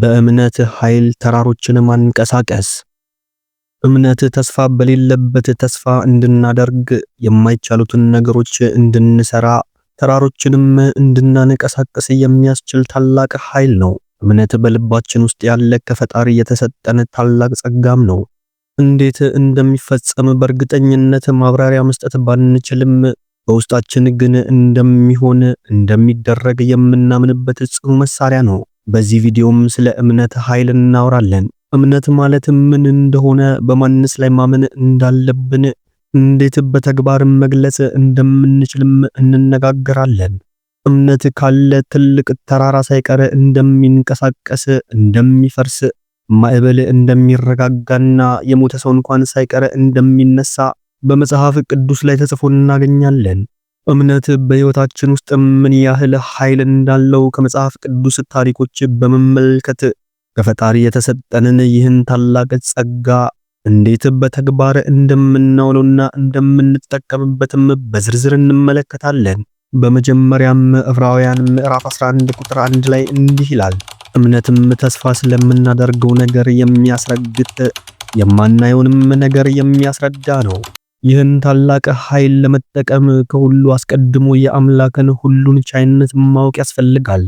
በእምነት ኃይል ተራሮችን ማንቀሳቀስ እምነት ተስፋ በሌለበት ተስፋ እንድናደርግ የማይቻሉትን ነገሮች እንድንሰራ ተራሮችንም እንድናንቀሳቀስ የሚያስችል ታላቅ ኃይል ነው። እምነት በልባችን ውስጥ ያለ ከፈጣሪ የተሰጠን ታላቅ ጸጋም ነው። እንዴት እንደሚፈጸም በእርግጠኝነት ማብራሪያ መስጠት ባንችልም በውስጣችን ግን እንደሚሆን እንደሚደረግ የምናምንበት ጽኑ መሳሪያ ነው። በዚህ ቪዲዮም ስለ እምነት ኃይል እናወራለን። እምነት ማለት ምን እንደሆነ፣ በማንስ ላይ ማመን እንዳለብን፣ እንዴት በተግባር መግለጽ እንደምንችልም እንነጋገራለን። እምነት ካለ ትልቅ ተራራ ሳይቀር እንደሚንቀሳቀስ፣ እንደሚፈርስ፣ ማዕበል እንደሚረጋጋና የሞተ ሰው እንኳን ሳይቀር እንደሚነሳ በመጽሐፍ ቅዱስ ላይ ተጽፎ እናገኛለን። እምነት በሕይወታችን ውስጥ ምን ያህል ኃይል እንዳለው ከመጽሐፍ ቅዱስ ታሪኮች በመመልከት ከፈጣሪ የተሰጠንን ይህን ታላቅ ጸጋ እንዴት በተግባር እንደምናውለውና እንደምንጠቀምበትም በዝርዝር እንመለከታለን። በመጀመሪያም ዕብራውያን ምዕራፍ 11 ቁጥር 1 ላይ እንዲህ ይላል፣ እምነትም ተስፋ ስለምናደርገው ነገር የሚያስረግጥ የማናየውንም ነገር የሚያስረዳ ነው። ይህን ታላቅ ኃይል ለመጠቀም ከሁሉ አስቀድሞ የአምላክን ሁሉን ቻይነት ማወቅ ያስፈልጋል።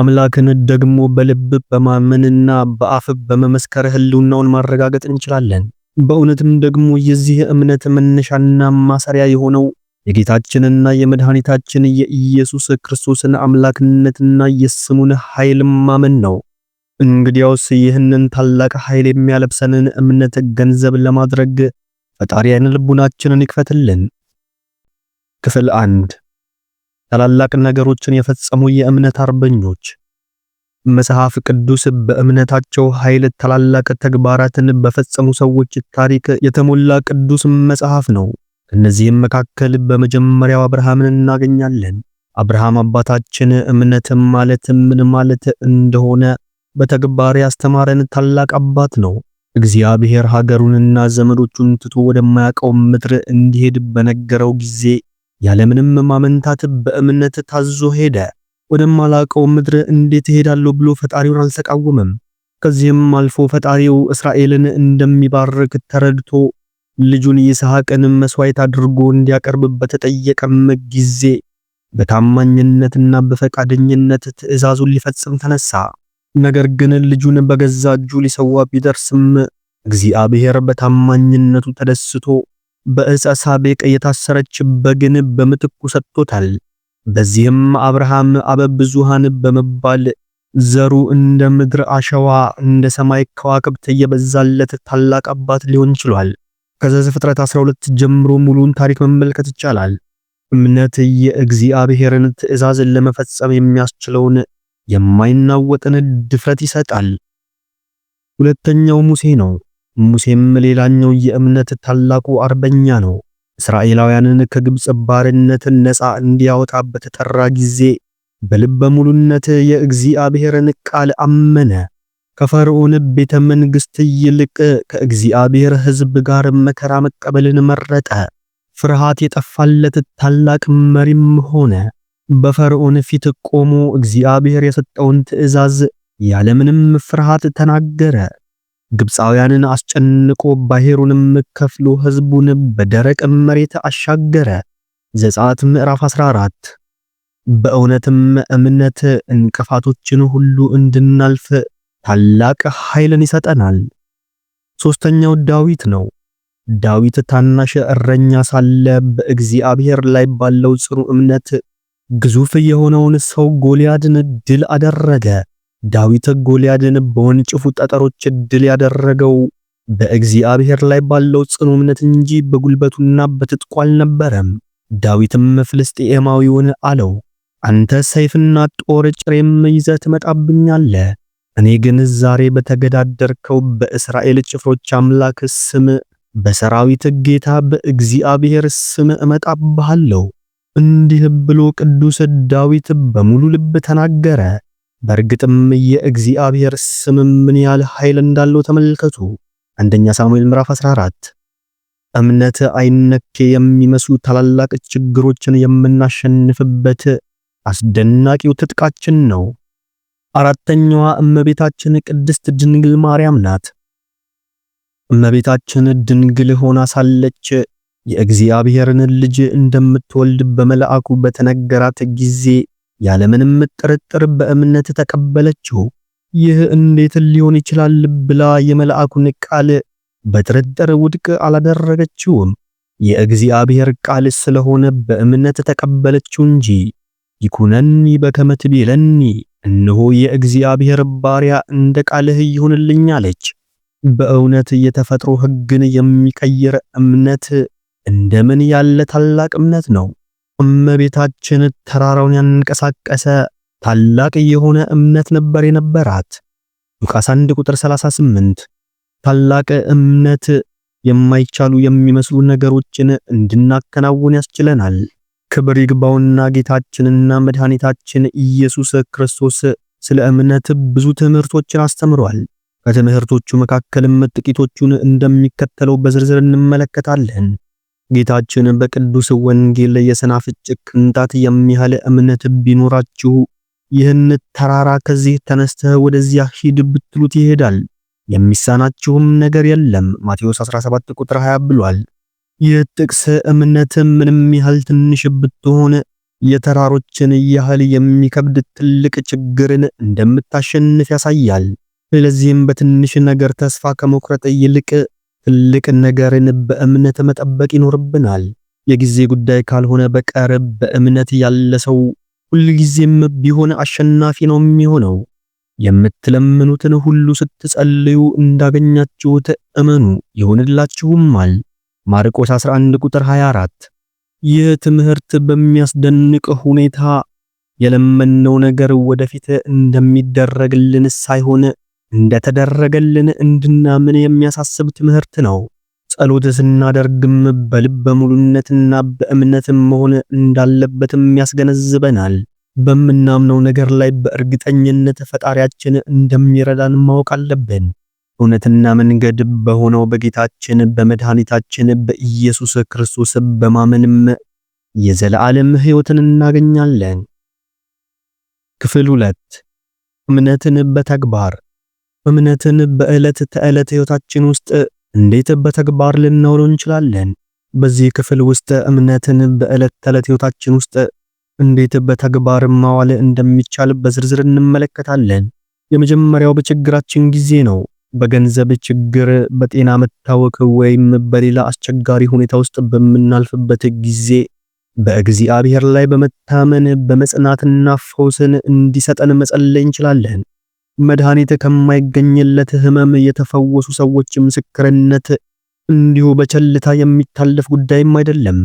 አምላክን ደግሞ በልብ በማመንና በአፍ በመመስከር ህልውናውን ማረጋገጥ እንችላለን። በእውነትም ደግሞ የዚህ እምነት መነሻና ማሰሪያ የሆነው የጌታችንና የመድኃኒታችን የኢየሱስ ክርስቶስን አምላክነትና የስሙን ኃይል ማመን ነው። እንግዲያውስ ይህንን ታላቅ ኃይል የሚያለብሰንን እምነት ገንዘብ ለማድረግ ፈጣሪ አይነ ልቡናችንን ይክፈትልን። ክፍል አንድ ታላላቅ ነገሮችን የፈጸሙ የእምነት አርበኞች መጽሐፍ ቅዱስ በእምነታቸው ኃይል ታላላቅ ተግባራትን በፈጸሙ ሰዎች ታሪክ የተሞላ ቅዱስ መጽሐፍ ነው። ከነዚህም መካከል በመጀመሪያው አብርሃምን እናገኛለን። አብርሃም አባታችን እምነት ማለት ምን ማለት እንደሆነ በተግባር ያስተማረን ታላቅ አባት ነው። እግዚአብሔር ሀገሩንና ዘመዶቹን ትቶ ወደማያውቀው ምድር እንዲሄድ በነገረው ጊዜ ያለምንም ማመንታት በእምነት ታዞ ሄደ። ወደማላውቀው ምድር እንዴት እሄዳለሁ ብሎ ፈጣሪውን አልተቃወመም። ከዚህም አልፎ ፈጣሪው እስራኤልን እንደሚባርክ ተረድቶ ልጁን ይስሐቅን መስዋዕት አድርጎ እንዲያቀርብ በተጠየቀም ጊዜ በታማኝነትና በፈቃደኝነት ትእዛዙን ሊፈጽም ተነሳ። ነገር ግን ልጁን በገዛ እጁ ሊሰዋ ቢደርስም እግዚአብሔር በታማኝነቱ ተደስቶ በዕፀ ሳቤቅ የታሰረች በግን በምትኩ ሰጥቶታል። በዚህም አብርሃም አበብዙሃን በመባል ዘሩ እንደ ምድር አሸዋ እንደ ሰማይ ከዋክብት የበዛለት ታላቅ አባት ሊሆን ችሏል። ከዘፍጥረት 12 ጀምሮ ሙሉን ታሪክ መመልከት ይቻላል። እምነት የእግዚአብሔርን ትዕዛዝ ለመፈጸም የሚያስችለውን የማይናወጥን ድፍረት ይሰጣል። ሁለተኛው ሙሴ ነው። ሙሴም ሌላኛው የእምነት ታላቁ አርበኛ ነው። እስራኤላውያንን ከግብጽ ባርነት ነፃ እንዲያወጣ በተጠራ ጊዜ በልበ ሙሉነት የእግዚአብሔርን ቃል አመነ። ከፈርዖን ቤተ መንግስት ይልቅ ከእግዚአብሔር ሕዝብ ጋር መከራ መቀበልን መረጠ። ፍርሃት የጠፋለት ታላቅ መሪም ሆነ። በፈርዖን ፊት ቆሞ እግዚአብሔር የሰጠውን ትእዛዝ ያለምንም ፍርሃት ተናገረ። ግብፃውያንን አስጨንቆ ባሕሩንም ከፍሎ ሕዝቡን በደረቅ መሬት አሻገረ። ዘጸአት ምዕራፍ 14። በእውነትም እምነት እንቅፋቶችን ሁሉ እንድናልፍ ታላቅ ኃይልን ይሰጠናል። ሶስተኛው ዳዊት ነው። ዳዊት ታናሽ እረኛ ሳለ በእግዚአብሔር ላይ ባለው ጽኑ እምነት ግዙፍ የሆነውን ሰው ጎልያድን ድል አደረገ። ዳዊት ጎልያድን በወንጭፉ ጠጠሮች ድል ያደረገው በእግዚአብሔር ላይ ባለው ጽኑ እምነት እንጂ በጉልበቱና በትጥቁ አልነበረም። ዳዊትም ፍልስጤማዊውን አለው፣ አንተ ሰይፍና ጦር ጭሬም ይዘህ ትመጣብኛለህ፣ እኔ ግን ዛሬ በተገዳደርከው በእስራኤል ጭፍሮች አምላክ ስም በሰራዊት ጌታ በእግዚአብሔር ስም እመጣብሃለሁ። እንዲህ ብሎ ቅዱስ ዳዊት በሙሉ ልብ ተናገረ። በእርግጥም የእግዚአብሔር ስም ምን ያህል ኃይል እንዳለው ተመልከቱ። አንደኛ ሳሙኤል ምዕራፍ 14። እምነት አይነኬ የሚመስሉ ታላላቅ ችግሮችን የምናሸንፍበት አስደናቂው ትጥቃችን ነው። አራተኛዋ እመቤታችን ቅድስት ድንግል ማርያም ናት። እመቤታችን ድንግል ሆና ሳለች የእግዚአብሔርን ልጅ እንደምትወልድ በመልአኩ በተነገራት ጊዜ ያለምንም ጥርጥር በእምነት ተቀበለችው። ይህ እንዴት ሊሆን ይችላል ብላ የመልአኩን ቃል በጥርጥር ውድቅ አላደረገችውም። የእግዚአብሔር ቃል ስለሆነ በእምነት ተቀበለችው እንጂ ይኩነኒ በከመ ትቤለኒ፣ እነሆ የእግዚአብሔር ባሪያ እንደ ቃልህ ይሁንልኝ አለች። በእውነት የተፈጥሮ ሕግን የሚቀይር እምነት እንደምን ያለ ታላቅ እምነት ነው! እመቤታችን ተራራውን ያንቀሳቀሰ ታላቅ የሆነ እምነት ነበር የነበራት። ሉቃስ 1 ቁጥር 38 ታላቅ እምነት የማይቻሉ የሚመስሉ ነገሮችን እንድናከናውን ያስችለናል። ክብር ይግባውና ጌታችንና መድኃኒታችን ኢየሱስ ክርስቶስ ስለ እምነት ብዙ ትምህርቶችን አስተምሯል። ከትምህርቶቹ መካከልም ጥቂቶቹን እንደሚከተለው በዝርዝር እንመለከታለን። ጌታችን በቅዱስ ወንጌል የሰናፍጭ ቅንጣት የሚያህል እምነት ቢኖራችሁ ይህን ተራራ ከዚህ ተነስተህ ወደዚያ ሂድ ብትሉት ይሄዳል፣ የሚሳናችሁም ነገር የለም ማቴዎስ 17 ቁጥር 20 ብሏል። ይህ ጥቅስ እምነት ምንም ያህል ትንሽ ብትሆን የተራሮችን ያህል የሚከብድ ትልቅ ችግርን እንደምታሸንፍ ያሳያል። ስለዚህም በትንሽ ነገር ተስፋ ከመቁረጥ ይልቅ ትልቅ ነገርን በእምነት መጠበቅ ይኖርብናል። የጊዜ ጉዳይ ካልሆነ በቀር በእምነት ያለ ሰው ሁልጊዜም ቢሆን አሸናፊ ነው የሚሆነው። የምትለምኑትን ሁሉ ስትጸልዩ እንዳገኛችሁት እመኑ ይሆንላችሁማል። ማርቆስ 11 ቁጥር 24። ይህ ትምህርት በሚያስደንቅ ሁኔታ የለመነው ነገር ወደፊት እንደሚደረግልን ሳይሆን እንደተደረገልን እንድናምን የሚያሳስብ ትምህርት ነው። ጸሎት ስናደርግም በልበ ሙሉነትና በእምነትም መሆን እንዳለበትም ያስገነዝበናል። በምናምነው ነገር ላይ በእርግጠኝነት ፈጣሪያችን እንደሚረዳን ማወቅ አለብን። እውነትና መንገድ በሆነው በጌታችን በመድኃኒታችን በኢየሱስ ክርስቶስ በማመንም የዘላለም ሕይወትን እናገኛለን። ክፍል ሁለት እምነትን በተግባር እምነትን በዕለት ተዕለት ሕይወታችን ውስጥ እንዴት በተግባር ልናውለው እንችላለን? በዚህ ክፍል ውስጥ እምነትን በዕለት ተዕለት ሕይወታችን ውስጥ እንዴት በተግባር ማዋል እንደሚቻል በዝርዝር እንመለከታለን። የመጀመሪያው በችግራችን ጊዜ ነው። በገንዘብ ችግር፣ በጤና መታወክ ወይም በሌላ አስቸጋሪ ሁኔታ ውስጥ በምናልፍበት ጊዜ በእግዚአብሔር ላይ በመታመን በመጽናትና ፈውስን እንዲሰጠን መጸለይ እንችላለን። መድኃኒት ከማይገኝለት ህመም የተፈወሱ ሰዎች ምስክርነት እንዲሁ በቸልታ የሚታለፍ ጉዳይም አይደለም።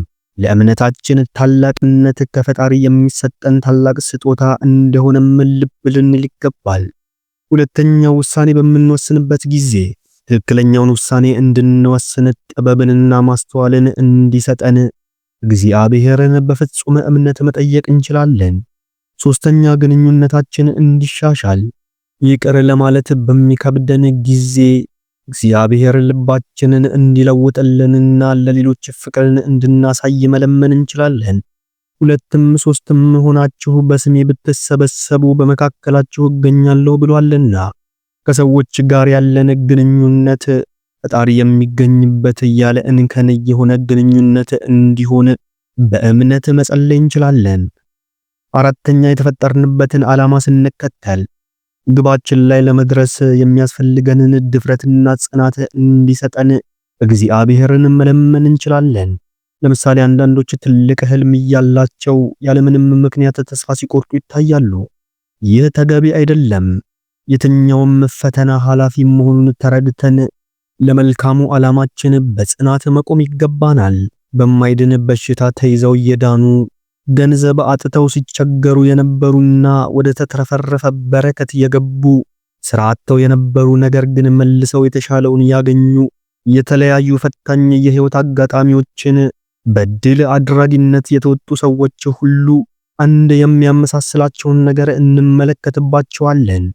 ለእምነታችን ታላቅነት ከፈጣሪ የሚሰጠን ታላቅ ስጦታ እንደሆነም ልብ ልንል ይገባል። ሁለተኛው ውሳኔ በምንወስንበት ጊዜ ትክክለኛውን ውሳኔ እንድንወስን ጥበብንና ማስተዋልን እንዲሰጠን እግዚአብሔርን በፍጹም እምነት መጠየቅ እንችላለን። ሶስተኛ ግንኙነታችን እንዲሻሻል ይቅር ለማለት በሚከብደን ጊዜ እግዚአብሔር ልባችንን እንዲለውጥልንና ለሌሎች ፍቅርን እንድናሳይ መለመን እንችላለን። ሁለትም ሶስትም ሆናችሁ በስሜ ብትሰበሰቡ በመካከላችሁ እገኛለሁ ብሏልና ከሰዎች ጋር ያለን ግንኙነት ፈጣሪ የሚገኝበት ያለ እንከን የሆነ ግንኙነት እንዲሆን በእምነት መጸለይ እንችላለን። አራተኛ የተፈጠርንበትን ዓላማ ስንከተል ግባችን ላይ ለመድረስ የሚያስፈልገንን ድፍረትና ጽናት እንዲሰጠን እግዚአብሔርን መለመን እንችላለን። ለምሳሌ አንዳንዶች ትልቅ ህልም እያላቸው ያለምንም ምክንያት ተስፋ ሲቆርጡ ይታያሉ። ይህ ተገቢ አይደለም። የትኛውም ፈተና ኃላፊ መሆኑን ተረድተን ለመልካሙ ዓላማችን በጽናት መቆም ይገባናል። በማይድን በሽታ ተይዘው የዳኑ ገንዘብ አጥተው ሲቸገሩ የነበሩና ወደ ተትረፈረፈ በረከት የገቡ ስራ አጥተው የነበሩ ነገር ግን መልሰው የተሻለውን ያገኙ የተለያዩ ፈታኝ የህይወት አጋጣሚዎችን በድል አድራጊነት የተወጡ ሰዎች ሁሉ አንድ የሚያመሳስላቸውን ነገር እንመለከትባቸዋለን።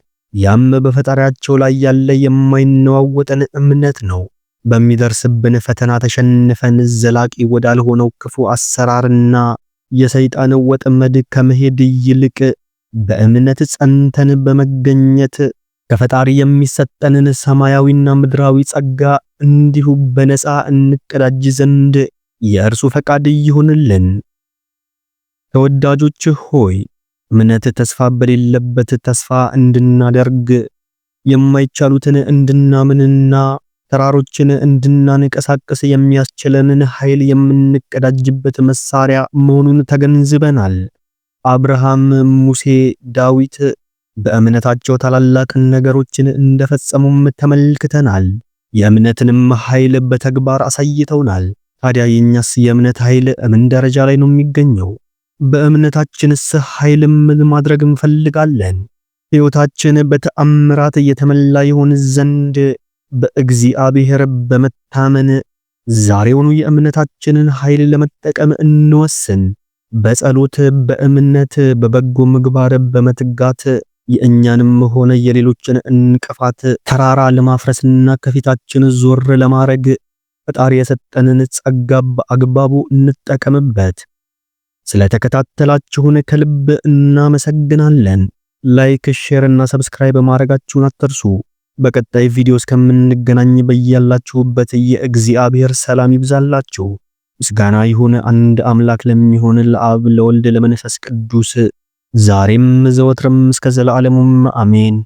ያም በፈጣሪያቸው ላይ ያለ የማይነዋወጠን እምነት ነው። በሚደርስብን ፈተና ተሸንፈን ዘላቂ ወዳልሆነው ክፉ አሰራርና የሰይጣን ወጥመድ ከመሄድ ይልቅ በእምነት ጸንተን በመገኘት ከፈጣሪ የሚሰጠንን ሰማያዊና ምድራዊ ጸጋ እንዲሁ በነፃ እንቀዳጅ ዘንድ የእርሱ ፈቃድ ይሁንልን። ተወዳጆች ሆይ እምነት ተስፋ በሌለበት ተስፋ እንድናደርግ የማይቻሉትን እንድናምንና ተራሮችን እንድናንቀሳቀስ የሚያስችለንን ኃይል የምንቀዳጅበት መሳሪያ መሆኑን ተገንዝበናል። አብርሃም፣ ሙሴ፣ ዳዊት በእምነታቸው ታላላቅ ነገሮችን እንደፈጸሙም ተመልክተናል። የእምነትንም ኃይል በተግባር አሳይተውናል። ታዲያ የኛስ የእምነት ኃይል ምን ደረጃ ላይ ነው የሚገኘው? በእምነታችንስ ኃይል ምን ማድረግ እንፈልጋለን? ሕይወታችን በተአምራት እየተመላ ይሆን ዘንድ በእግዚአብሔር በመታመን ዛሬውኑ የእምነታችንን ኃይል ለመጠቀም እንወስን። በጸሎት፣ በእምነት፣ በበጎ ምግባር በመትጋት የእኛንም ሆነ የሌሎችን እንቅፋት ተራራ ለማፍረስና ከፊታችን ዞር ለማረግ ፈጣሪ የሰጠንን ጸጋ በአግባቡ እንጠቀምበት። ስለተከታተላችሁን ከልብ እናመሰግናለን። ላይክ፣ ሼር እና ሰብስክራይብ ማድረጋችሁን አትርሱ። በቀጣይ ቪዲዮ እስከምንገናኝ በያላችሁበት የእግዚአብሔር ሰላም ይብዛላችሁ። ምስጋና ይሁን አንድ አምላክ ለሚሆን ለአብ ለወልድ ለመንፈስ ቅዱስ ዛሬም ዘወትርም እስከ ዘላለሙም አሜን።